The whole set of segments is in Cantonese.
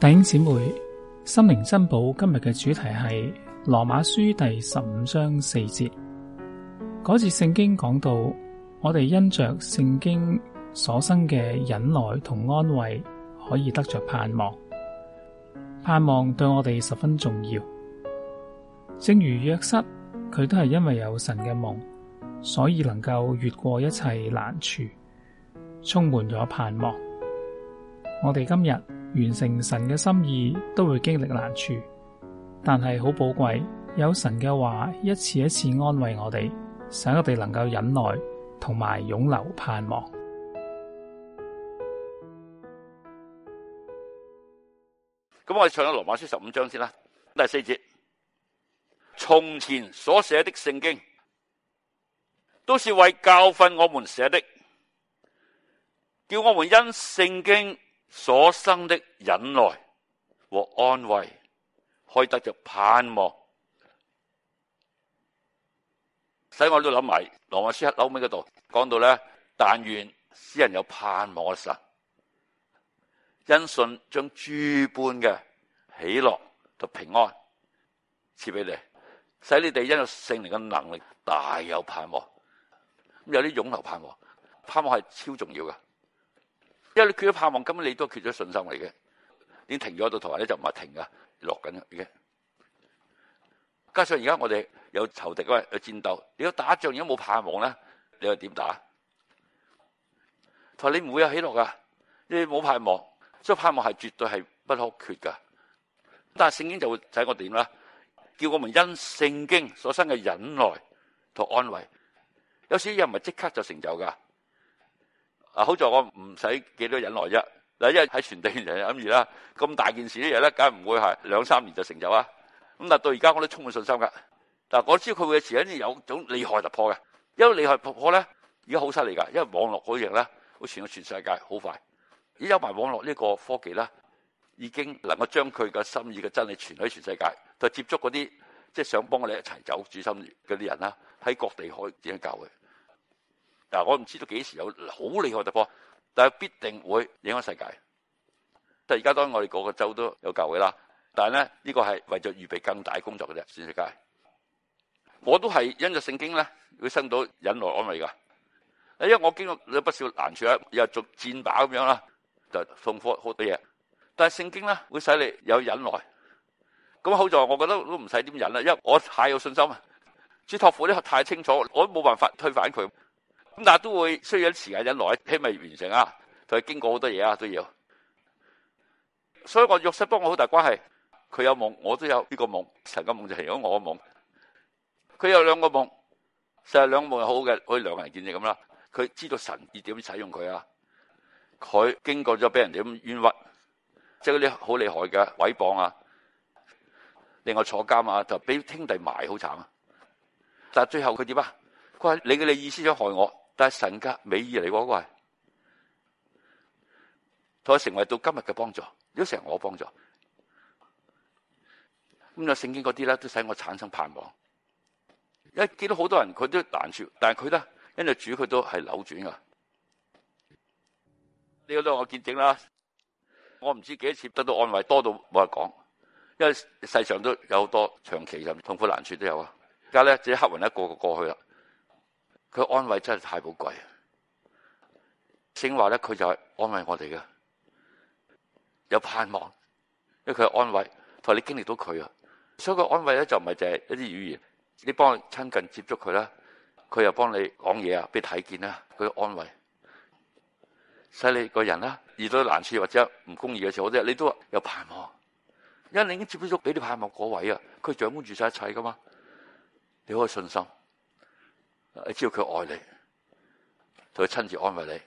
弟兄姊妹心靈珍寶，今日嘅主題係羅馬書第十五章四節。嗰節聖經講到，我哋因着聖經所生嘅忍耐同安慰，可以得着盼望。盼望對我哋十分重要。正如約瑟，佢都係因為有神嘅夢，所以能夠越過一切難處，充滿咗盼望。我哋今日。完成神嘅心意都會經歷難處，但係好寶貴。有神嘅話，一次一次安慰我哋，使我哋能夠忍耐同埋永留盼望。咁我哋唱咗羅馬書十五章先啦，第四節，從前所寫的聖經，都是為教訓我們寫的，叫我們因聖經。所生的忍耐和安慰，可以得着盼望。使我都諗埋《羅馬書》後尾嗰度講到咧，但願使人有盼望嘅神，因信將諸般嘅喜樂同平安賜俾你，使你哋因聖靈嘅能力大有盼望。咁有啲湧流盼望，盼望係超重要嘅。因為你缺咗盼望，咁你都缺咗信心嚟嘅。你已經停咗到台咧就唔係停噶落緊嘅。加上而家我哋有仇敵喂，有戰鬥。你如果打仗而家冇盼望咧，你又點打？同你唔會有喜樂噶你冇盼望，所以盼望係絕對係不可缺噶但係聖經就會睇我點啦，叫我們因聖經所生嘅忍耐同安慰，有少啲嘢唔係即刻就成就噶啊！好在我唔使幾多忍耐啫。嗱，因為喺全地嘅時候諗住啦，咁大件事啲嘢咧，梗係唔會係兩三年就成就啊。咁嗱，到而家我都充滿信心噶。嗱，我知道佢嘅事肯定有種厲害突破嘅，因為厲害突破咧，而家好犀利噶，因為網絡嗰樣咧，會傳到全世界好快。而有埋網絡呢個科技咧，已經能夠將佢嘅心意嘅真理傳喺全世界，就接觸嗰啲即係想幫我哋一齊走主心嗰啲人啦，喺各地開展啲教佢。嗱，我唔知道幾時有好厲害突破，但係必定會影響世界。但係而家當然我哋個個州都有教會啦，但係咧呢個係為咗預備更大工作嘅啫。全世界我都係因著聖經咧，會生到忍耐安慰㗎。因為我經過咗不少難處啦，又逐戰敗咁樣啦，就送貨好多嘢。但係聖經咧，會使你有忍耐。咁好在我覺得都唔使點忍啦，因為我太有信心啊。主託付啲太清楚，我都冇辦法推翻佢。咁但係都會需要一時間，忍耐，起碼完成啊。佢經過好多嘢啊，都要。所以我約瑟幫我好大關係。佢有夢，我都有呢個夢。神嘅夢就係咗我嘅夢。佢有兩個夢，成日兩個夢好嘅，可以兩人見嘅咁啦。佢知道神要點使用佢啊。佢經過咗俾人哋咁冤屈，即係嗰啲好厲害嘅毀謗啊，令我坐監啊，就俾兄弟埋好慘啊。但係最後佢點啊？佢話你嘅你意思想害我？但係神嘅美意嚟，那個話同佢成為到今日嘅幫助，如果成為我幫助。咁、那、啊、個，聖經嗰啲咧都使我產生盼望。一見到好多人，佢都難處，但係佢咧因為主，佢都係扭轉噶。呢個都係我見證啦。我唔知幾多次得到安慰，多到冇得講。因為世上都有好多長期嘅痛苦難處都有啊。而家咧，自己黑雲一個個過去啦。佢安慰真係太寶貴，聖話咧佢就係安慰我哋嘅，有盼望，因為佢係安慰。佢話你經歷到佢啊，所以個安慰咧就唔係淨係一啲語言，你幫親近接觸佢啦，佢又幫你講嘢啊，俾你睇見啊，佢安慰，使你個人啦遇到難處或者唔公義嘅時候我都，你都有盼望，因為你已經接觸到，你啲盼望嗰位啊，佢掌管住晒一切噶嘛，你可以信心。你知道佢愛你，佢親自安慰你，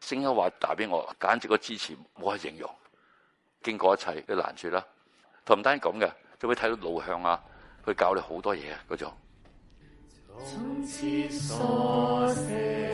聲音話打俾我，簡直個支持冇得形容。經過一切嘅難處啦，佢唔單止咁嘅，仲會睇到路向啊，佢教你好多嘢啊，嗰種。